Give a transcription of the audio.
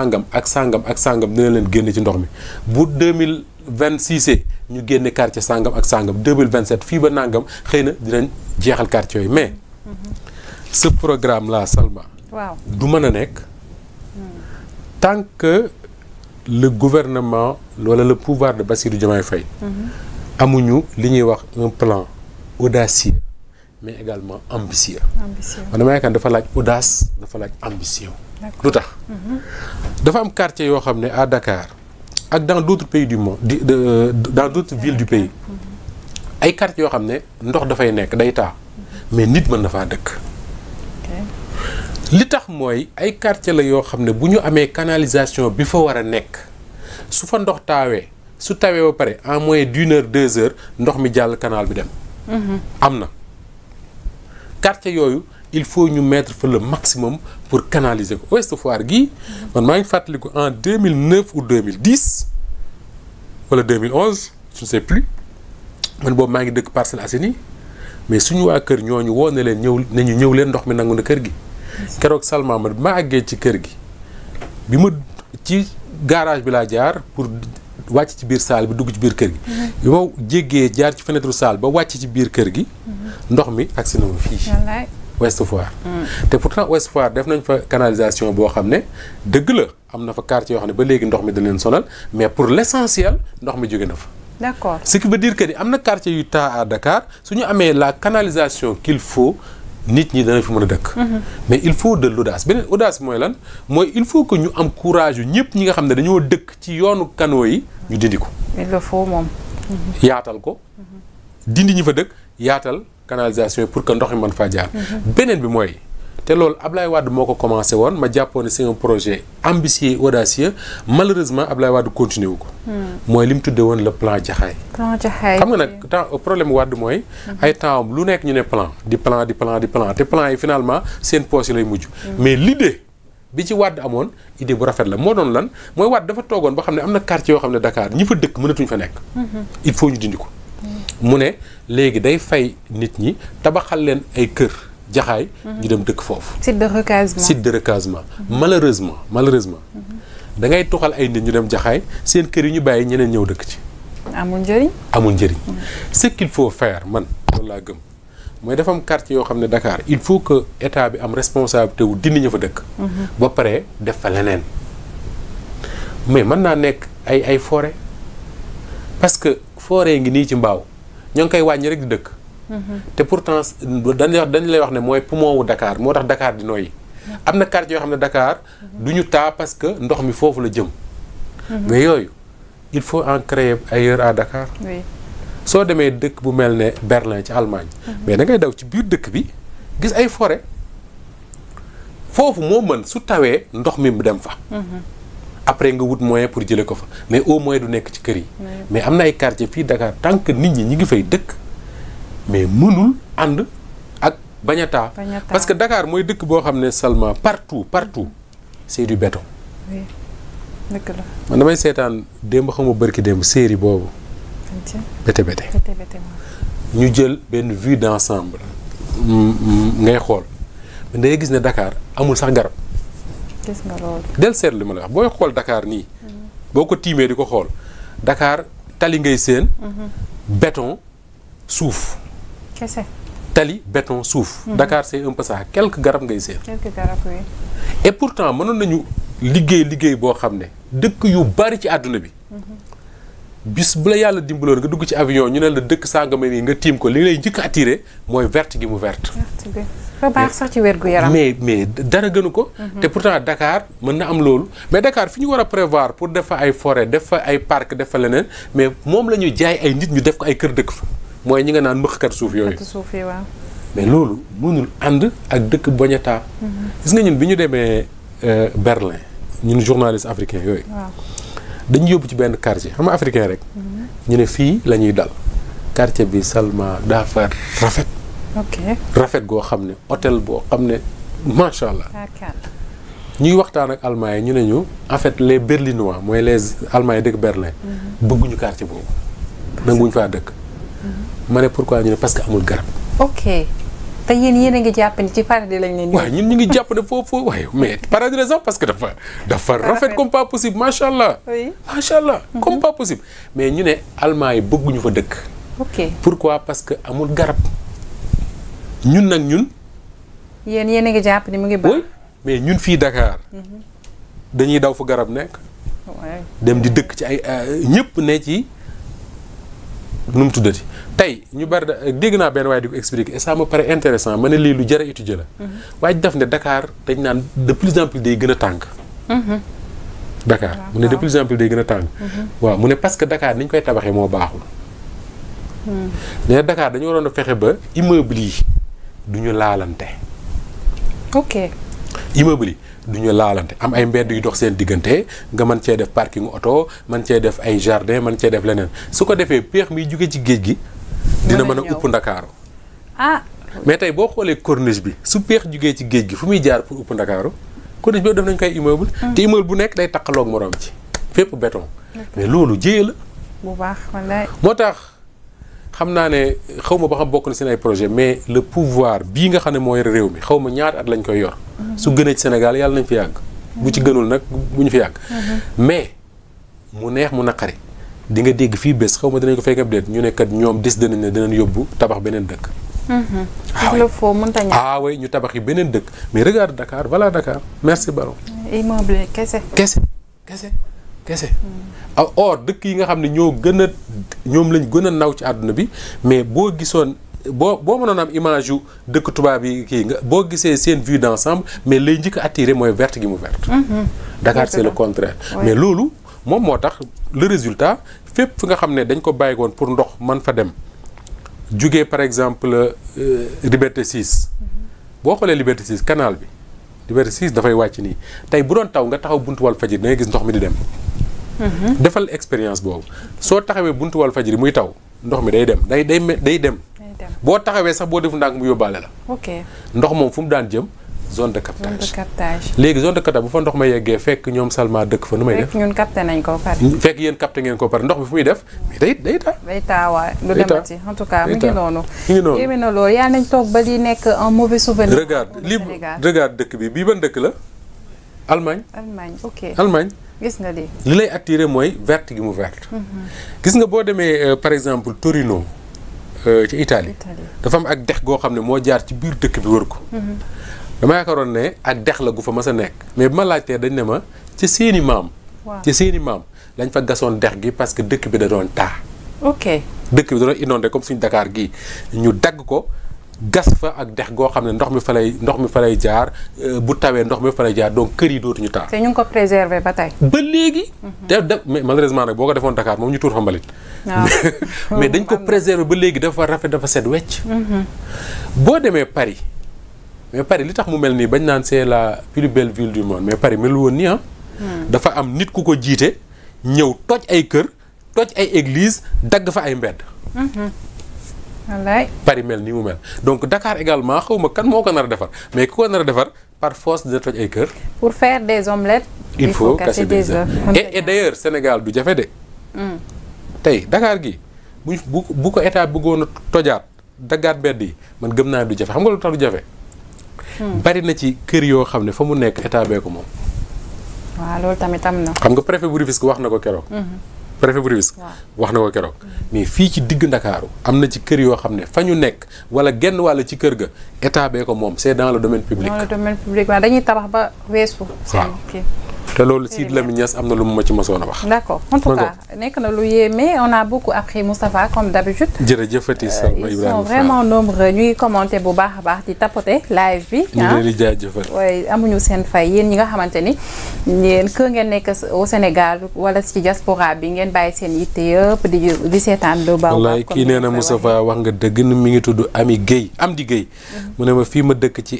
sàngam ak sàngam ak sàngam dina leen génne ci ndox mi bu 2026 ñu génne quartier sàngam ak sàngam 2027 fii ba nàngam xëy na dinañ jeexal quartier yooyu mais ce programme la Salma waaw du mën a nekk hmm. tant que le gouvernement wala le pouvoir de Bassirou fay Faye hmm. amuñu li ñuy wax un plan audacieux mais également ambitieux man dama yaakaar dafa laaj audace dafa laaj ambition dafa am quartier yoo xam ne à Dakar ak dans d' autres pays du monde di dans d' autres du pays ay quartier yoo xam ne ndox dafay nekk day taa mais nit mën na faa dëkk. li tax mooy ay quartier la yoo xam ne bu ñu amee canalisation bi fa war a nekk su fa ndox taawee su tawee ba pare en moyen d' une heure deux heures ndox mi jàll canal bi dem. Mhm. am na. ca yooyu il faut ñu mettre fa le maximum pour canaliser ko Ouest Foire gii man maa ngi fàttaliku en 2009 ou 2010 wala 2011 je ne sais plus man boobu maa ngi dëkk Parcelles Assainies mais suñu waa kër ñooñu woo ne leen ñëw ñu ñëw leen ndox mi nangu na kër gi. keroog Salma ma àggee ci kër gi bi ma ci garage bi laa jaar pour wàcc ci biir saal bi dugg ci biir kër gi. bi mhm. ma jéggee jaar ci fenêtre saal ba wàcc ci biir kër gi. Mhm. ndox mi agsi na ma fii. Ouest Foire. Mhm. te pourtant Ouest Foire def nañ fa canalisation boo xam ne dëgg la am na fa quartier yoo xam ne ba léegi ndox mi da leen sonal mais pour l'essentiel ndox mi jóge na fa. d'accord ce qui diir dire que am na quartier yu taa à Dakar su ñu amee la canalisation qu'il faut. nit ñi danañ fi mën a dëkk. Mhm. mais il faut de l' audace beneen audace mooy lan mooy il faut que ñu am courage yu ñëpp ñi nga xam ne dañoo dëkk ci yoonu canaux yi ñu dindi ko. il le moom. Mhm. yaatal ko. Mhm. dindi ñi fa dëkk yaatal canalisation yi pour que ndox mi mën faa jaar. beneen bi mooy. te loolu Ablaye wadd moo ko commencé woon ma jàppoon ne c'est un projet ambitieux audacieux malheureusement lay Wade continué wu ko. Hmm. mooy li mu tuddee woon le plan Jaxaay. plan Jaxaay xam nga nag temps problème Wade mooy. Hmm. ay temps lu nekk ñu ne plan di plan di plan di plan te plan yi finalement seen poche lay mujj. Hmm. mais l'idée bi ci Wade amoon idée bu rafet la moo doon lan mooy Wade dafa toogoon ba xam ne am na quartier yoo xam ne Dakar ñi fa dëkk mënatuñ fa nekk. il faut ñu dindi ko. mu ne léegi day fay nit ñi tabaxal leen ay kër. jaxaay ñu dem dëkk foofu. site de recasement site de recasement. malheureusement malheureusement. da ngay tuxal ay nit ñu dem jaxaay seen kër yu ñu bàyyi ñeneen ñëw dëkk ci. amul njëriñ. amul njëriñ ce qu'il faut faire man loolu laa gëm mooy dafa am quartier yoo xam ne Dakar il faut que état bi am responsabilité wu dindi ñu fa dëkk. Mhm. ba pare def fa leneen mais mën naa nekk ay ay forêt parce que forêt ngi nii ci mbaaw ñoo ngi koy wàññi rek di dëkk. te pourtant dañuy wax dañu lay wax ne mooy poumon wu dakaar moo tax dakaar di noyyi. Mm-hmm. am na quartier yoo xam ne dakaar mm-hmm. du ñu taa parce que ndox mi foofu la jëm. Mm-hmm. mais yooyu il faut en créer ailleurs à soo demee dëkk bu mel ne Berlin ci Allemagne. mais da ngay daw ci biir dëkk bi gis ay fore foofu moo mën su tawee ndox mi mu dem fa. après nga wut moyen pour jëlee ko fa mais au moins du nekk ci kër yi. mais am na ay quartier fii Dakar tant que nit ñi ñi ngi fay dëkk. mais mënul ànd ak Bagnata parce que Dakar mooy dëkk boo xam ne seulement partout partout c'est du béton. oui dëgg la. man damay seetaan démb xamu bërki démb série boobu. bété bété ñu jël benn vue d'ensemble. Mm, mm, ngay xool mais dangay gis ne Dakar amul sax garab. gis del seet lu ma la wax booy xool dakaar nii. Mhm. boo ko tiimee di ko xool Dakar tali ngay seen. Mhm. béton suuf. kese tali béton suuf. Mhm. dakaar c'est un peu garab ngay seen. et pourtant mënoon nañu liggéey liggéey boo xam ne dëkk yu bari ci àdduna bi. Mhm. bis bu la yàlla dimbaloon nga dugg ci avion ñu ne la dëkk sàngama nii nga tiim ko li lay njëkk attiré mooy verte gi mu verte. fa sax ci wér gu yaram. mais mais dara gënu ko. Mhm. te pourtant dakaar mën na am loolu. mais Dakar fi ñu war a prévoir pour def fa ay forêt def fa ay park defa fa leneen mais moom la ñuy jaay ay nit ñu def ko ay kër dëkk fa. mooy ñi nga naan mbëqkat suuf yooyu. suuf yi mais loolu mënul ànd ak dëkk boñeta mm-hmm. gis nga ñun bi ñu demee euh, Berlin ñun journaliste africain yooyu. dañu yóbbu ci benn quartier xam nga africain rek. Mm-hmm. ñu ne fii la ñuy dal. quartier bi Salma daa fa rafet. rafet goo xam ne hôtel boo xam ne macha allah. Ah, ñuy waxtaan ak yi ñu ne ñu en fait les berlinois mooy les Allemands dëkk Berlin. Mm-hmm. bëgguñu quartier boobu. nanguwuñ faa dëkk. ma ne pourquoi ñu ne parce que amul garab. ok te yéen yéen a ngi jàpp ni ci paradis lañ leen. waaw ñun ñu ngi jàpp ne foofu waaye mais paradis la sax parce que dafa. rafet comme pas possible macha allah. oui macha allah mhm. comme pas possible. mais ñu ne allemand yi bëgguñu fa dëkk. ok pourquoi parce que amul garab ñun nag ñun. yéen yéen a ngi jàpp ni mu ngi baax. mais ñun fii Dakar. Mhm. dañuy daw fu garab nekk. dem di dëkk ci ay euh, ñëpp ne ci. nu mu tuddati tey ñu bari dégg naa benn waaye di ko expliquer et ça me paraît intéressant ma ne lii lu jar a étudier la. Mhm. waaye daf ne Dakar dañ naan de plus en day gën a tàng. Mhm. Dakar mu ne de plus en plus day gën a tàng. Mhm. waaw mu ne parce que Dakar ni ñu koy tabaxee moo baaxul. nee Dakar dañu waroon a fexe ba immeuble yi du laalante. immeuble yi du ñu laalante am ay mbedd yu dox seen diggante nga mën cee def parking oto man cee def ay jardin man cee def leneen su ko defee peex mi jóge ci géej gi. dina mën a upp ndakaaru ah mais tey boo xoolee corniche bi su péex jógee ci géej gi fu muy jaar pour upp ndakaaru corniche boobu def nañ koy immeuble. Hmm. te immeuble bu nekk day taqaloog moroom ci fépp béton. mais loolu jéey la. bu baax moo tax xam naa ne xaw ma ba xam bokk na seen projet mais le pouvoir bii nga xam ne mooy réew mi xaw ma ñaata at lañ koy yor. su gënee ci Sénégal yàlla nañ fi yàgg. bu ci gënul nag bu ñu fi yàgg. mais mu neex mu naqari di nga dégg fii bés xaw ma dinañ ko fekk ab déet ñu ne kat ñoom dis nañ ne danañ yóbbu tabax beneen dëkk. waaw mm-hmm. ah, ah oui ñu tabax yi beneen dëkk mais regarde dakaar voilà Dakar merci Baro. immeuble kese. kese kese kese. Ah, or dëkk yi nga xam ne ñoo gën a ñoom lañ gën a naw ci àdduna bi mais boo gisoon. boo boo manoon am image yu dëkk tubaab yi kii nga boo gisee seen vue d'ensemble mais lay njëkk attiré mooy verte gi mu verte mm-hmm. Dakar c'est le contraire mais loolu moom moo tax le résultat fépp fi nga xam ne dañ ko bàyyi woon pour ndox man fa dem jugee par exemple euh, Liberté 6 mm-hmm. boo xoolee Liberté 6 canal bi Liberté 6 dafay wàcc nii tey bu doon taw nga taxaw buntu wal fajiri da gis ndox mi di dem mm-hmm. defal expérience boobu soo taxawee buntu wal fajiri muy taw ndox mi day dem day day day dem boo taxawee sax boo def ndànk mu yóbbaale la. ok ndox moom fu mu daan jëm. zone de captage zone de captage. léegi zone de captage bu fa ndox ma yeggee fekk ñoom Salma dëkk fa nu may def. fekk ñun capté nañ ko pare. fekk yéen capté ngeen ko pare ndox bi fu muy def mais day day taa. day lu demati en tout cas mu ngi noonu. ngi noonu yéeme na loolu toog ba di nekk un mauvais souvenir. regarde dëkk bi bii ban dëkk la. Allemagne Allemagne ok Allemagne. gis nga li li lay attiré mooy vert gi mu verte. Mhm. gis nga boo demee euh, par exemple Torino. Euh, ci Italie dafa am ak dex goo xam ne moo jaar ci biir dëkk bi wër ko mhm. dama yaakaaroon ne ak dex la gu fa ma a nekk mais bu ma laajtee dañ ne ma ci seeni maam ci seeni maam lañ fa gasoon dex gi parce que dëkk bi da doon taa ok dëkk bi da doon inondé comme suñu Dakar gii ñu dagg ko gas fa ak dex goo xam ne ndox mi fa lay ndox mi fa lay jaar euh, bu tawee ndox mi fa lay jaar donc kër yi dootuñu taax te ñu ngi ko préserver ba tey. ba léegi. Mhm. te de mais malheureusement nag boo ko defoon Dakar moom ñu tuur fa mbalit. mais dañ ko préserver ba léegi dafa rafet dafa set wecc. Mhm. boo demee Paris mais Paris li tax mu mel nii bañ naan c'est la plus belle ville du monde mais Paris melu woon nii ah. Hmm. dafa am nit ku ko jiite ñëw toj ay kër toj ay église dagg fa ay mbedd. Mhm. Paris mel nii mu mel donc Dakar également xaw ma kan moo ko nar a defar mais ku ko nar a defar par force dina toj ay kër. pour faire des omelettes. il faut casser des œufs et et d'ailleurs Sénégal du jafe de. Hmm. tey Dakar gi bu bu ko état bëggoon a tojaat daggaat mbedd yi man gëm naa du jafe xam nga lu tax du jafe. Hmm. bari na ci kër yoo xam ne fa mu nekk état bee ko moom. waaw loolu tamit am na. xam nga préfet bu Rufisque wax na ko keroog. Hmm. préfet bu Rufisque wax na ko keroog mais fii ci digg ndakaaru am na ci kër yoo xam ne fa ñu nekk wala genn wàll ci kër ga état bee ko moom c'est dans le domaine public. dans le domaine public waaw dañuy tabax ba weesu. waaw te loolu Sidy Lamine Niass am na lu mu ma ci mosoon a wax. d' accord nekk na lu yéeme on a beaucoup appris Moustapha comme d' habitude. jërëjëfati euh, Salma Ibrahima ils sont vraiment nombreux ñu ngi commenté bu baax a baax di tapoter live bi. ñu ngi ah. leen di jaajëfal waaye amuñu seen fay yéen ñi nga xamante ni yéen kër ngeen nekk au Sénégal wala ci diaspora bi ngeen bàyyi seen yitte yëpp di di seetaan lu baax. ko kii nee na Moustapha wax nga dëgg mi ngi tudd Ami Guèye am di Guèye mhm. mu ne ma fii ma dëkk ci